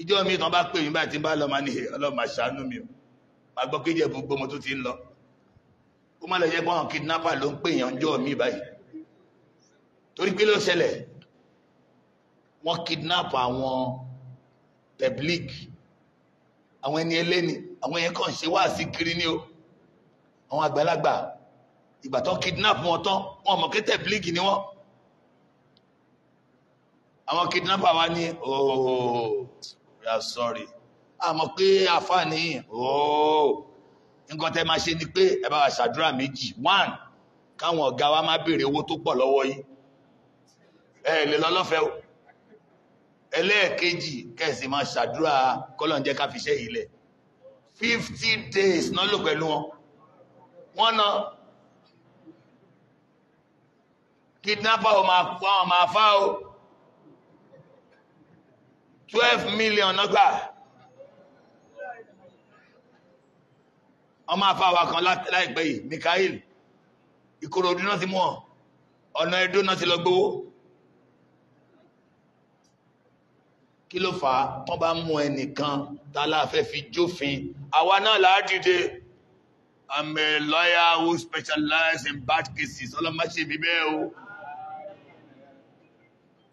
ìjọ mi tán bá pè mí báyìí tí n bá lọ máa ní ọlọ́mà ṣàánú mi o máa gbọ́ kéjẹ̀ gbogbo mo tó ti ń lọ ó má lọ jẹ́ pé àwọn kidnapper ló ń pè yàn jọ mi báyìí torí pé ló ṣẹlẹ̀ wọ́n kidnap àwọn public àwọn ẹni ẹlẹ́ni àwọn yẹn kàn ṣe wáàsí kiri ni o àwọn àgbàlagbà ìgbà tán kidnap wọn tán wọn mọ̀ kẹ́tẹ̀ public ni wọ́n àwọn kidnapper wá ní ooo oh, we are sorry àmọ́ pé àfààní ooo oh. nǹkan tẹ́ máa ṣe ni pé ẹ bá wa ṣàdúrà méjì one káwọn ọ̀gá wa má béèrè owó tó pọ̀ lọ́wọ́ yín ẹ lè lọ lọ́fẹ̀ẹ́ o ẹlẹ́ẹ̀kejì kẹ́sì máa ṣàdúrà kọ́lọ́n jẹ́ ká fi ṣe fifty days náà lò pẹ̀lú wọn wọ́n náà kidnapper ò máa fá o twelve million ọgbà ọmọ afáwa kan láìpẹ́ yìí Mikael Ìkòròdú náà ti mú ọ ọ̀nà Ẹdó náà ti lọ gbowó kí ló fà á wọ́n bá mú ẹnìkan tá la fi jófin àwa náà là á dìde I'm a lawyer who specializes in bad cases ọlọ́mọ ṣe bíbẹ́ o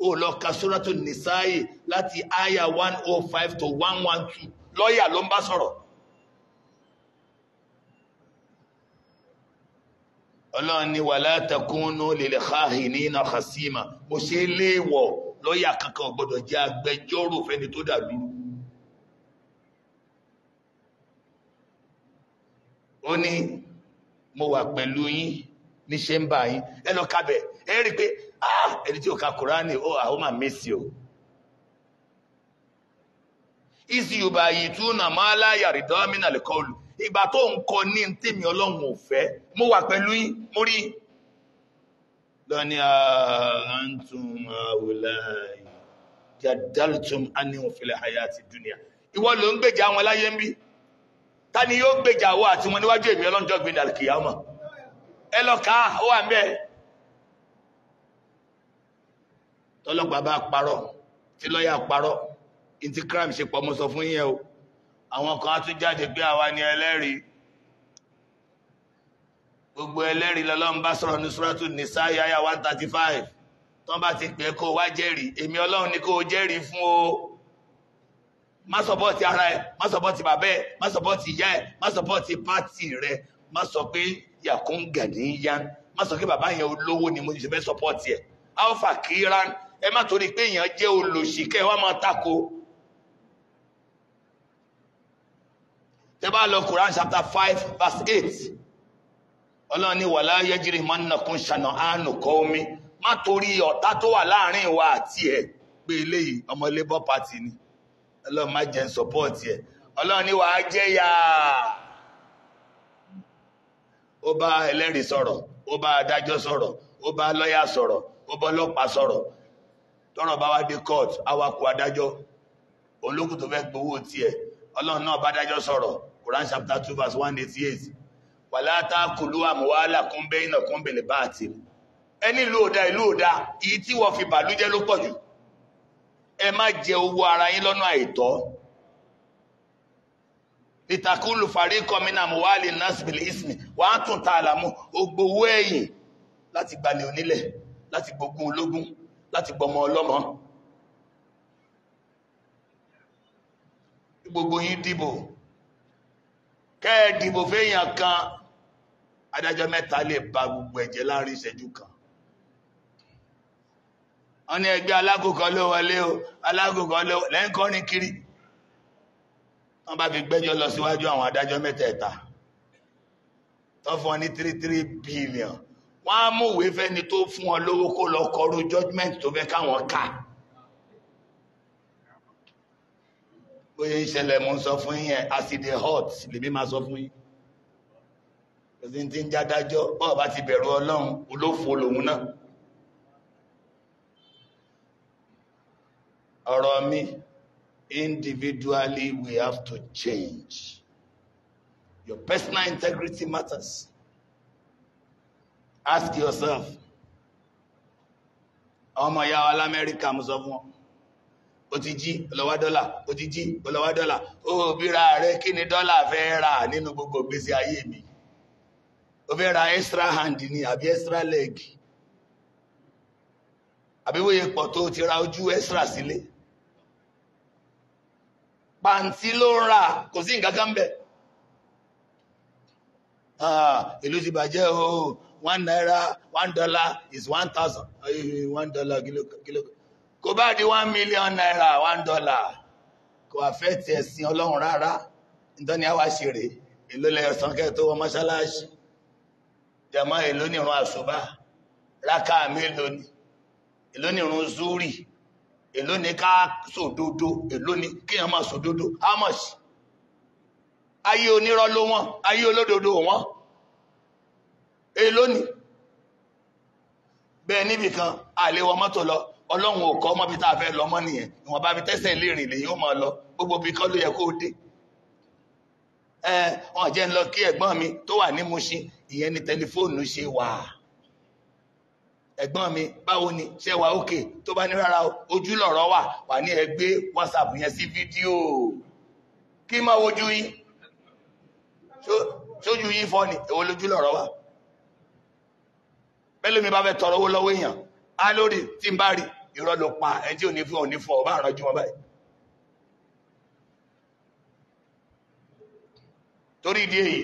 ó lọ ka sóràtò nìsáyè láti àyà one oh five to one one two lọ́ọ̀yà ló ń bá sọ̀rọ̀. ọlọ́run ni wàlá takúnú lèlè káàhì ní iná kàsímà mo ṣe é léèwọ̀ lọ́ọ̀yà kankan gbọ́dọ̀ jẹ́ agbẹjọ́rò fẹ́ni tó dà dúró. ó ní mo wà pẹ̀lú yín níṣẹ́ ń bá yín ẹ lọ kábẹ̀ ẹ rí i pé Ah! ẹni tí ó ka kùránì ó àwọn máa mẹ́sì o isi yorùbá yìí tún nà máa láyà rí dọ́mínà lè kọlù ìgbà tó ń kọ ní tèmi ọlọ́run ò fẹ́ mo wà pẹ̀lú yín mo rí lọ́ni àántùm àwòláyì jàdáltùm àníhùn fil hayati dunya ìwọ ló ń gbèjà wọn láyé ń bí ta ni yóò gbèjà wọ àti wọn níwájú èmi ọlọ́njọ́ gbé dàlùkìyàmọ̀ ẹ lọ ká ó wà ń bẹ́ẹ̀ tọ́lọ́pàá bá parọ́ tí lọ́yà parọ́ ìtí crime ṣe pọ̀ mọ́ sọ fún yẹn o àwọn kan á tún jáde pé àwa ni ẹlẹ́rìí gbogbo ẹlẹ́rìí lọ́lọ́run bá sọ̀rọ̀ ní suratu nisa yáyà one thirty five tán bá ti pè é kó o wá jẹ́rìí èmi ọlọ́run ni kó o jẹ́rìí fún o má sọpọ́ọ̀tì ara ẹ̀ má sọpọ́ọ̀tì bàbá ẹ̀ má sọpọ́ọ̀tì ìyá ẹ̀ má sọpọ́ọ̀tì pátì rẹ̀ má sọ pé yàkúngà ní yá má sọ pé bàbá yẹn olówó ni mo ṣe fẹ́ sọpọ́ọ̀tì ẹ̀ alpha kiran ẹ má torí pé èèyàn jẹ́ olòṣì kẹ́ wá máa tako tẹ́ lọ Quran chapter five verse eight ọlọ́run ní wàlá yẹ́jìrì máa ń nàkún ṣànà àánú kọ́ omi má torí ọ̀tá tó wà láàrin wa àti ẹ̀ pé eléyìí ọmọ labour party ni ọlọ́run má jẹ́ ń sọ́pọ́ọ̀tì ẹ̀ ọlọ́run ní wàá jẹ́ ó bá ẹlẹ́rìí sọ̀rọ̀ ó bá adájọ́ sọ̀rọ̀ ó bá lọ́yà sọ̀rọ̀ ó bá ọlọ́pàá sọ̀rọ̀ tọ́rọ̀ bá wá dé court awakọ̀ adájọ́ olókùn tó fẹ́ gbowó tiẹ̀ ọlọ́run náà bá dájọ́ sọ̀rọ̀ Quran chapter two verse one eighty eight wàlá tákùlú àmúwálà kúnbẹ́ iná kúnbẹ̀ lè bá àti ẹni ìlú òdá ìlú òdá ìyí tí wọ́n fi bàlújẹ́ ló pọ̀ jù ẹ má jẹ owó ara yín lọ́nà àìtọ́ ìtàkùlù fàríkọ mínà àmúwálì násìbìlì ìsìn wàá tún ta àlàmú ogbowó ẹ̀yìn láti gbalẹ̀ onílẹ̀ láti gbogbo ológun láti gbọmọ ọlọ́mọ gbogbo yìí dìbò kẹ́ẹ̀ dìbò fẹ́yàn kan adájọ́ mẹ́ta lè ba gbogbo ẹ̀jẹ̀ láàrin ìṣẹ́jú kan wọ́n ní ẹgbẹ́ alákòókò ló wọlé o alákòókò ló lẹ́yìn kọrin kiri wọ́n bá fi gbẹ́jọ́ lọ síwájú àwọn adájọ́ mẹ́tẹ̀ẹ̀ta tó fún ọ ní 33 billion wọ́n á múwé fẹ́ni tó fún wọn lówó kó lọ kọrú judgment tó fẹ́ káwọn ká oye ìṣẹ̀lẹ̀ mo ń sọ fún yín acide hot lèmi máa sọ fún yín òsì tí ń jádájọ́ bọ́ọ̀ bá ti bẹ̀rù ọlọ́run olófo lòun náà ọ̀rọ̀ mi individually we have to change your personal integrity matters ask yourself ọmọ ìyá wa lamẹ́ríkà mú sọ fún ọ ó ti jí ọlọ́wà dọ́là ó ti jí ọlọ́wà dọ́là ó bíra rẹ kí ni dọ́là fẹ́ rà nínú gbogbo ìgbésí ayé mi ó fẹ́ ra extra hand ni àbí extra leg àbíwòye pọ̀ tó ti ra ojú extra sílé pàǹtí ló ń rà kò sí nǹkan kan bẹ̀ èlò ah, ti bàjẹ́ o one naira one dollar is one thousand eh, one dollar kilo kilo kò bá di one million naira one dollar kò affect ẹ̀sìn ọlọ́run rárá nítorí àwa ṣe rè èló lẹ́yọ̀ sànkẹ́ tó wọ mọ́ṣáláṣí jẹ̀mọ́ èló nìrun àṣùbà rákà mélòó ni èló nìrun zúrì èló ni ká sòdodo èló ni kéèyàn máa sòdodo how much ayé onírọ́ ló wọ́n ayé olódodo wọ́n èyí lónìí bẹ́ẹ̀ níbì kan àlewọ mọ́tò lọ ọlọ́run ò kọ́ mọ́bi tá a fẹ́ lọ mọ́ nìyẹn ìwọ̀n bá fi tẹ́sẹ̀ lérìn lè yóò máa lọ gbogbo bí kọ́ ló yẹ kó dé ẹ wọn jẹ́ ń lọ kí ẹ̀gbọ́n mi tó wà ní Mùṣín ìyẹn ni tẹlifóònù ṣe wà ẹ̀gbọ́n mi báwo ni ṣe wà òkè tó bá ní rárá ojú lọ̀rọ̀ wà wà ní ẹgbẹ́ whatsapp yẹn sí fídíò kí máa wojú yín sójú yín fọ́ ni èwo lójú lọ̀rọ̀ wà bẹ́lẹ̀ mi bá fẹ́ tọrọ owó lọ́wọ́ èèyàn á lórí tí n bá rí irọ́ ló pa ẹ tí ò ní fún ọ ní fún ọ bá rànjú wọn báyìí. torí ìdí èyí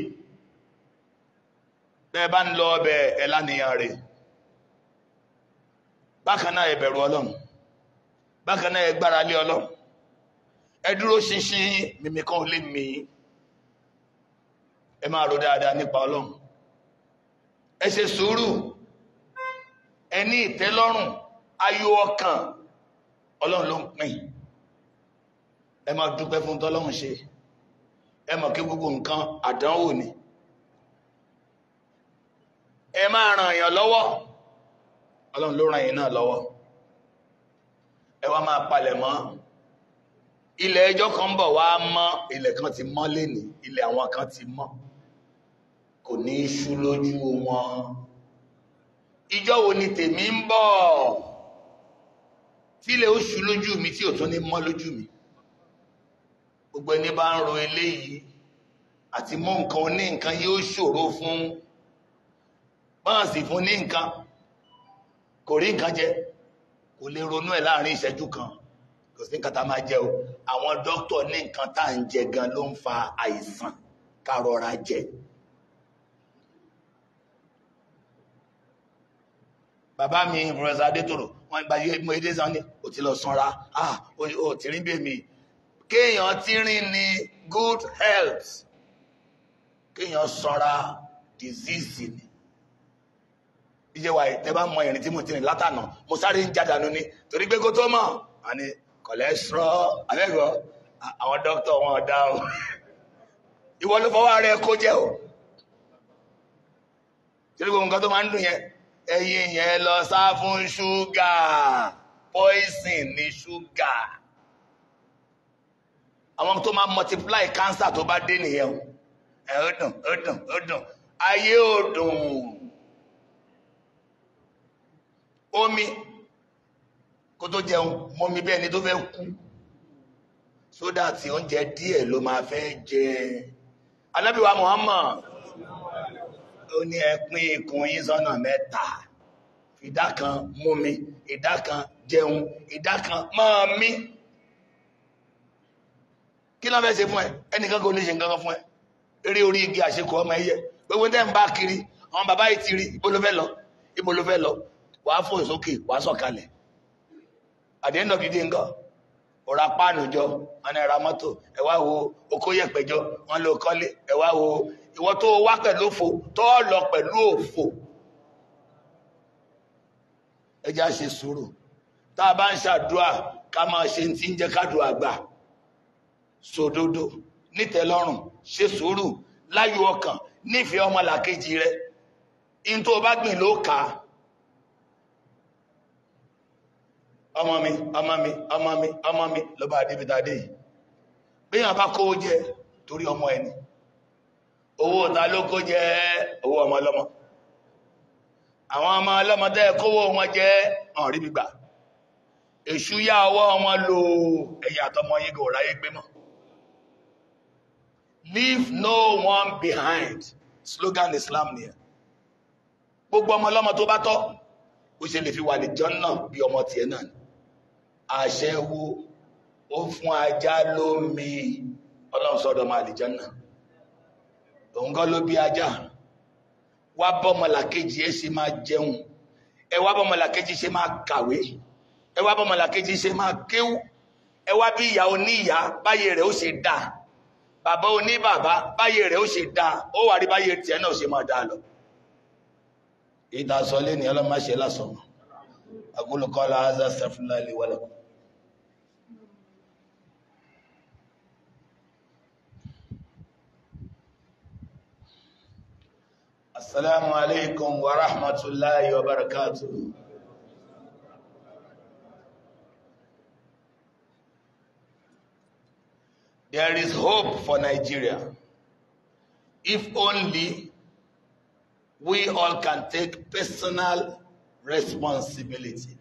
bẹ́ẹ̀ bá ń lọ ọbẹ̀ ẹ̀ lánìyàn rẹ̀ bákan náà ẹ bẹ̀rù ọlọ́run bákan náà ẹ gbára lé ọlọ́run ẹ dúró ṣinṣin mímí kan lè mí ẹ máa rò dáadáa nípa ọlọ́run ẹ ṣe sùúrù ẹni ìtẹ́lọ́rùn ayọ̀ ọkàn ọlọ́run ló ń pín ẹ máa dúpẹ́ fún tọ́lọ́run ṣe ẹ mọ̀ kí gbogbo nǹkan àdánwò ni ẹ máa ràn èèyàn lọ́wọ́ ọlọ́run ló ràn yín náà lọ́wọ́ ẹ wá máa palẹ̀ mọ́ ilẹ̀ ẹjọ́ kan bọ̀ wá mọ́ ilẹ̀ kan ti mọ́ lénìí ilẹ̀ àwọn kan ti mọ́ kò ní í ṣú lójú wọn ìjọ́ wo ni tèmi ń bọ̀ tílé oṣù lójú mi tí ò tún ní mọ́ lójú mi gbogbo ẹni bá ń ro eléyìí àti mú nǹkan oní nǹkan yóò ṣòro fún báàsì fún ní nǹkan kò rí nǹkan jẹ kò lè ronú ẹ̀ láàrin ìṣẹ́jú kan kò sí nǹkan tá máa jẹ o àwọn dókítà ní nǹkan tá à ń jẹ gan ló ń fa àìsàn ká rọra jẹ bàbá mi professor adétòrò wọ́n gba mo edé sàn ni ó ti lọ sanra ah ó ti rí bèmí kéèyàn ti rìn ní good health kéèyàn sanra disease ni iye wa tẹ bá mọ ìrìn tí mo ti rìn látànà mo sáré ń jádànù ni torí pé kó tó mọ̀ àní cholesterol abẹ́gbọ́ àwọn dókítà wọn ọ̀dá o ìwọ ló fọwọ́ rẹ kó jẹ́ o torí gbogbo nǹkan tó máa ń dùn yẹn ẹyin yẹn lọ sá fún ṣúgà poison ni ṣúgà àwọn tó máa multiply cancer tó bá dé nìyẹn o ẹ ó dùn ó dùn ó dùn ayé ò dùn omi kó tó jẹun mọ́mi bẹ́ẹ̀ ni tó fẹ́ kú sódà tí oúnjẹ díẹ̀ ló máa fẹ́ jẹ anábìwá Muhammad ó ní ẹ pín ikùn yín sọ́nà mẹ́ta ìdá kan mú mi ìdá kan jẹun ìdá kan máa mí kí ló ń fẹ́ fún ẹ ẹnìkan kò ní ṣe nǹkan kan fún ẹ eré orí igi àṣekọ ọmọ ẹyẹ gbogbo tẹ́ ń bá kiri àwọn bàbá yìí ti rí ibo ló fẹ́ lọ ibo ló fẹ́ lọ wàá fò sókè wàá sọ̀kalẹ̀ àdéhùn gidi nǹkan ọ̀rá páànù jọ wọn ẹ̀ra mọ́tò ẹ̀wá wo okó yẹ̀pẹ̀jọ wọn lọ kọ́lé ẹ̀wá wo ìwọ tó wá pẹ̀lú òfò tó lọ pẹ̀lú òfò ẹjá ṣe sùúrù tá a bá ń ṣàdúrà ká máa ṣe ti ń jẹ́ kádùá gbà sòdodo nítẹ́lọ́rùn ṣe sùúrù láyọ̀ ọkàn nífẹ̀ẹ́ ọmọlàkejì rẹ in tó bá gbìn ló kà á ọmọ mi ọmọ mi ọmọ mi ọmọ mi lọ́ba adébítadé yìí bí yàn bá kó jẹ torí ọmọ ẹni owó ta ló kó jẹ owó ọmọ ọlọ́mọ àwọn ọmọ ọlọ́mọ tẹ́ kówó wọn jẹ ọ̀rí gbígbà èṣù yá ọwọ́ wọn lò ẹ̀yà àtọmọ yìí kò ráyé gbé mọ́ leave no one behind slogan Islam ni ẹ gbogbo ọmọ ọlọ́mọ tó bá tọ́ ó ṣe lè fi wà ní jọ́nà bí ọmọ tiẹ̀ náà ni àṣẹ wo ó fún ajá lómi ọlọ́run sọ́dọ̀ máa lè jọ́nà òun kọ́ ló bí ajá wá bọ́mọlàkejì ẹ ṣe máa jẹun ẹ wá bọ́mọlàkejì ṣe máa kàwé ẹ wá bọ́mọlàkejì ṣe máa kéwú ẹ wá bí ìyá oníyá báyé rẹ̀ ó ṣe dáa bàbá oníbàbá báyé rẹ̀ ó ṣe dáa ó wà rí báyé tiẹ̀ náà ṣe máa dáa lọ. ìdásọ́lé ni ọlọ́mọ ṣe lásán. أقول قال هذا استغفر الله لي There is hope for Nigeria if only we all can take personal responsibility.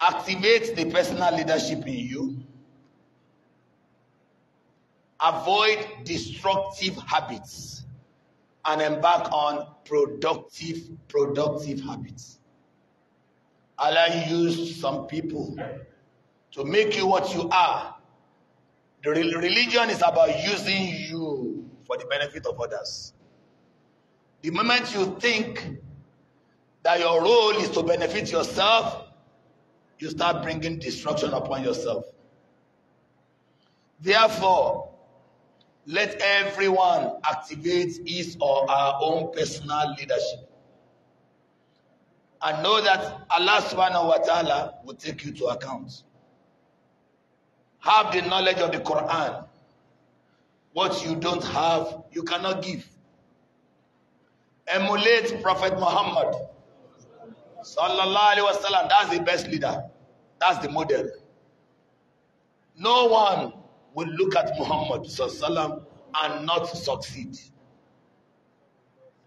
Activate the personal leadership in you avoid destructive habits and embark on productive productive habits allah used some people to make you what you are the religion is about using you for the benefit of others the moment you think that your role is to benefit yourself you start bringing destruction upon yourself therefore Let everyone activate his or her own personal leadership. And know that Allah subhanahu wa ta'ala will take you to account. Have the knowledge of the Quran. What you don't have, you cannot give. Emulate Prophet Muhammad. Sallallahu Alaihi Wasallam. That's the best leader. That's the model. No one will look at Muhammad and not succeed.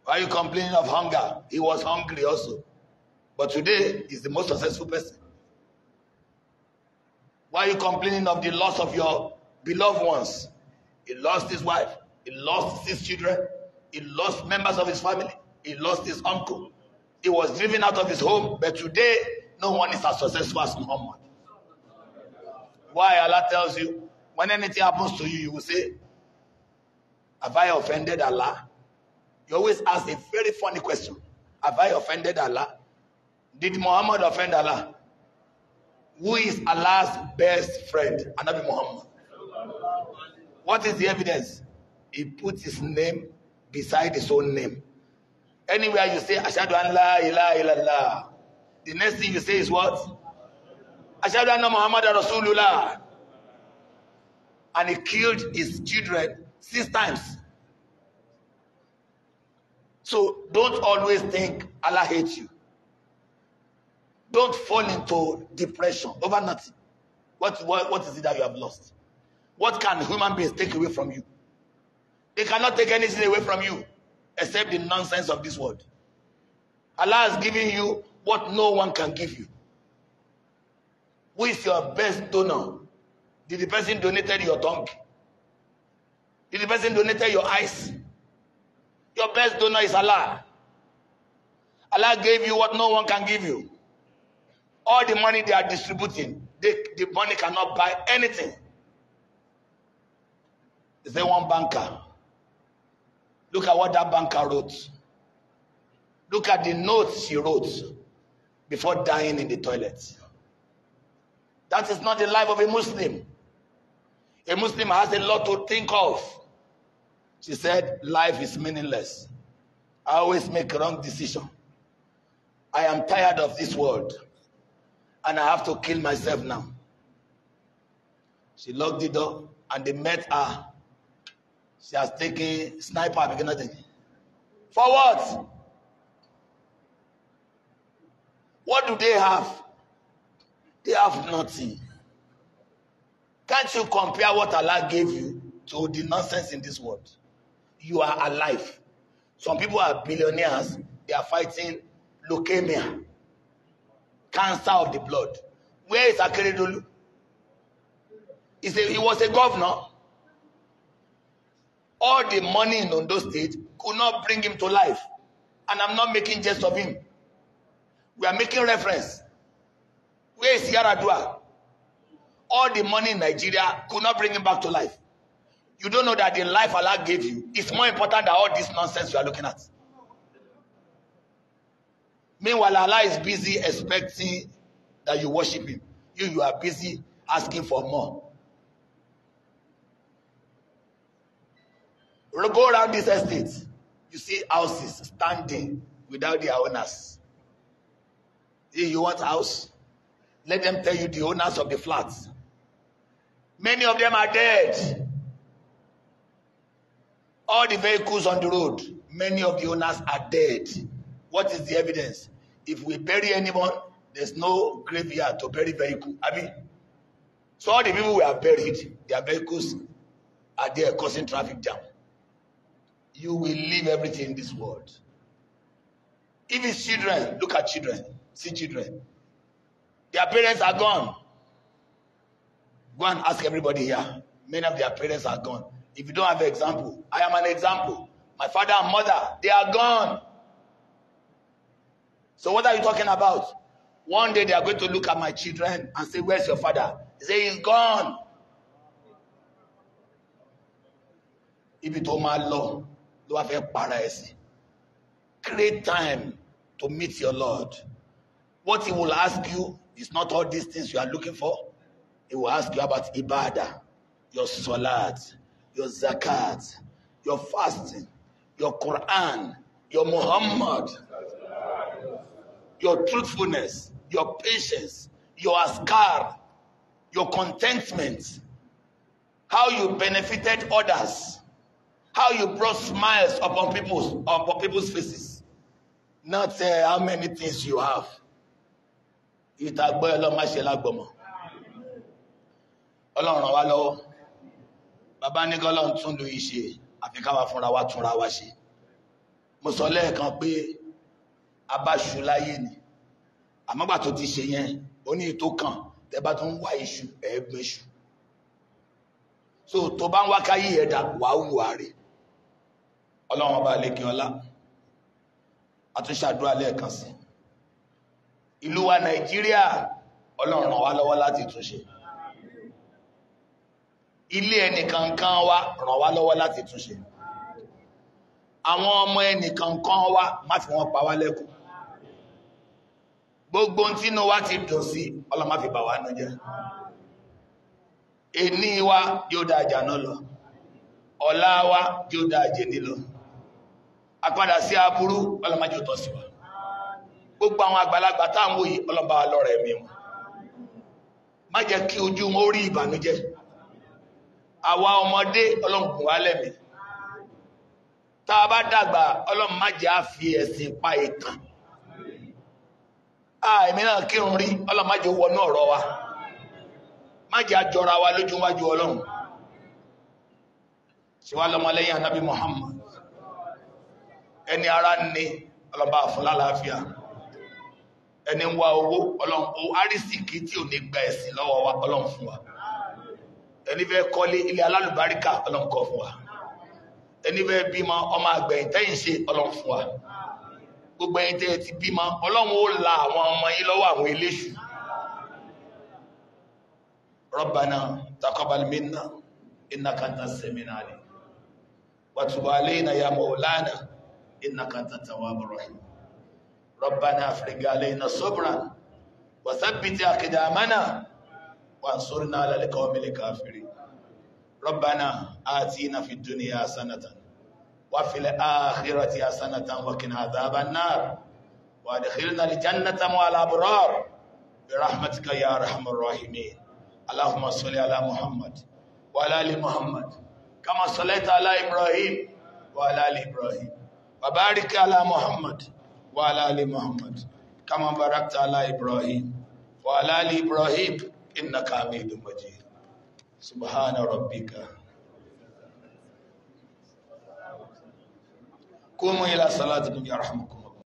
Why are you complaining of hunger? He was hungry also. But today, he's the most successful person. Why are you complaining of the loss of your beloved ones? He lost his wife. He lost his children. He lost members of his family. He lost his uncle. He was driven out of his home. But today, no one is as successful as Muhammad. Why Allah tells you, When anything happens to you, you will say, Have I offended Allah? You always ask a very funny question Have I offended Allah? Did Muhammad offend Allah? Who is Allah's best friend? Anabi Muhammad. What is the evidence? He puts his name beside his own name. Anywhere you say, Ashadu an la ilaha illallah. The next thing you say is what? Ashadu anna Muhammad Rasulullah and he killed his children six times. So don't always think Allah hates you. Don't fall into depression over nothing. What, what, what is it that you have lost? What can human beings take away from you? They cannot take anything away from you except the nonsense of this world. Allah has given you what no one can give you. Who is your best donor? Did the person donated your tongue? Did the person donated your eyes? Your best donor is Allah. Allah gave you what no one can give you. All the money they are distributing, they, the money cannot buy anything. Is there one banker? Look at what that banker wrote. Look at the notes she wrote before dying in the toilet. That is not the life of a Muslim. A Muslim has a lot to think of. She said, Life is meaningless. I always make wrong decisions. I am tired of this world. And I have to kill myself now. She locked the door and they met her. She has taken sniper beginning. For what? What do they have? They have nothing. Can't you compare what Allah gave you to the nonsense in this world? You are alive. Some people are billionaires. They are fighting leukemia, cancer of the blood. Where is Akeredolu? He, was a governor. All the money in Ondo State could not bring him to life. And I'm not making jest of him. We are making reference. Where is Yaradua? all the money in Nigeria could not bring him back to life. You don't know that the life Allah gave you is more important than all this nonsense you are looking at. Meanwhile, Allah is busy expecting that you worship Him. You, you are busy asking for more. Go around this estate. You see houses standing without their owners. If you want house, let them tell you the owners of the flats Many of them are dead. All the vehicles on the road, many of the owners are dead. What is the evidence? If we bury anyone, there's no graveyard to bury vehicle. I mean, so all the people were buried, their vehicles are there causing traffic jam. You will leave everything in this world. If it's children, look at children. See children. Their parents are gone. Go and ask everybody here. Many of their parents are gone. If you don't have an example, I am an example. My father and mother, they are gone. So what are you talking about? One day they are going to look at my children and say, Where's your father? They say, He's gone. If tó my law, you have a para ẹ̀ sí. Create time to meet your Lord. What he will ask you is not all these things you are looking for. He will ask you about ibadah, your salat, your zakat, your fasting, your Quran, your Muhammad, your truthfulness, your patience, your askar, your contentment, how you benefited others, how you brought smiles upon people's upon people's faces, not uh, how many things you have. ọlọ́run wa lọ́wọ́ bàbá ní kọ́lọ́run tún lu ìṣe àfi ká wa fúnra wa túnra wa ṣe mo sọ lẹ́ẹ̀kan pé abáṣu láyé ni àmọ́gbà tó ti ṣe yẹn ó ní ètò kan tẹ bá tó ń wá iṣu ẹ̀ẹ́gbẹ́ iṣu so tó bá ń wá káyé ẹ̀dá wà á wù àárẹ̀ ọlọ́run ọba lẹ́kìn ọlá àtúnṣàdúrà lẹ́ẹ̀kan sí ìlú wa nàìjíríà ọlọ́run ràn lọ́wọ́ láti túnṣe ilé ẹnìkankan wa ràn wá lọ́wọ́ láti túnṣe àwọn ọmọ ẹnìkankan wa má fi wọ́n pa wá lẹ́kùn gbogbo tínú wa ti dùn sí ọlọ́ má fi bà wá nú jẹ́ ẹni wa yóò dá àjà náà lọ ọ̀la wa yóò dá àjẹ́ nílọ apadà sí aburú ọlọ́ má jẹ́ òtọ́ sí wa gbogbo àwọn àgbàlagbà táwọn òyìn ọlọ́ba lọ́rọ̀ ẹ̀mí wọn má jẹ́ kí ojú wọn ó rí ìbànújẹ́ àwa ọmọdé ọlọ́nkùn wa lẹ́mí tá a bá dàgbà ọlọ́run má jẹ́ àfi ẹ̀sìn pa ìtàn àìmí náà kírun rí ọlọ́run má jẹ́ wọnú ọ̀rọ̀ wa má jẹ́ àjọra wa lójú wájú ọlọ́run síwá lọ́mọlẹ́yìn anábì Muhammad ẹni ara ẹni ń owó ọlọ́run tí gba ẹ̀sìn lọ́wọ́ wa ọlọ́run ẹni fẹ́ kọ́lé ilé alálùbáríkà ọlọ́run kọ́ fún wa ẹni fẹ́ bímọ ọmọ àgbẹ̀yìn tẹ́yìn ṣe ọlọ́run fún wa gbogbo ẹ̀yin tẹ́ ti bímọ ọlọ́run ó la àwọn ọmọ yín lọ́wọ́ àwọn eléṣù Rabbana taqabbal minna innaka anta sami'ul alim wa tub alayna ya maulana innaka anta tawwabur rahim Rabbana afrigh alayna sabran wa thabbit aqdamana وانصرنا على القوم الكافرين ربنا آتنا في الدنيا حسنة وفي الآخرة حسنة وقنا عذاب النار وادخلنا الجنة مع الأبرار برحمتك يا أرحم الراحمين اللهم صل على محمد وعلى آل محمد كما صليت على إبراهيم وعلى آل إبراهيم وبارك على محمد وعلى آل محمد كما باركت على إبراهيم وعلى آل إبراهيم إنك حميد مجيد سبحان ربك قوموا إلى صلاتكم يرحمكم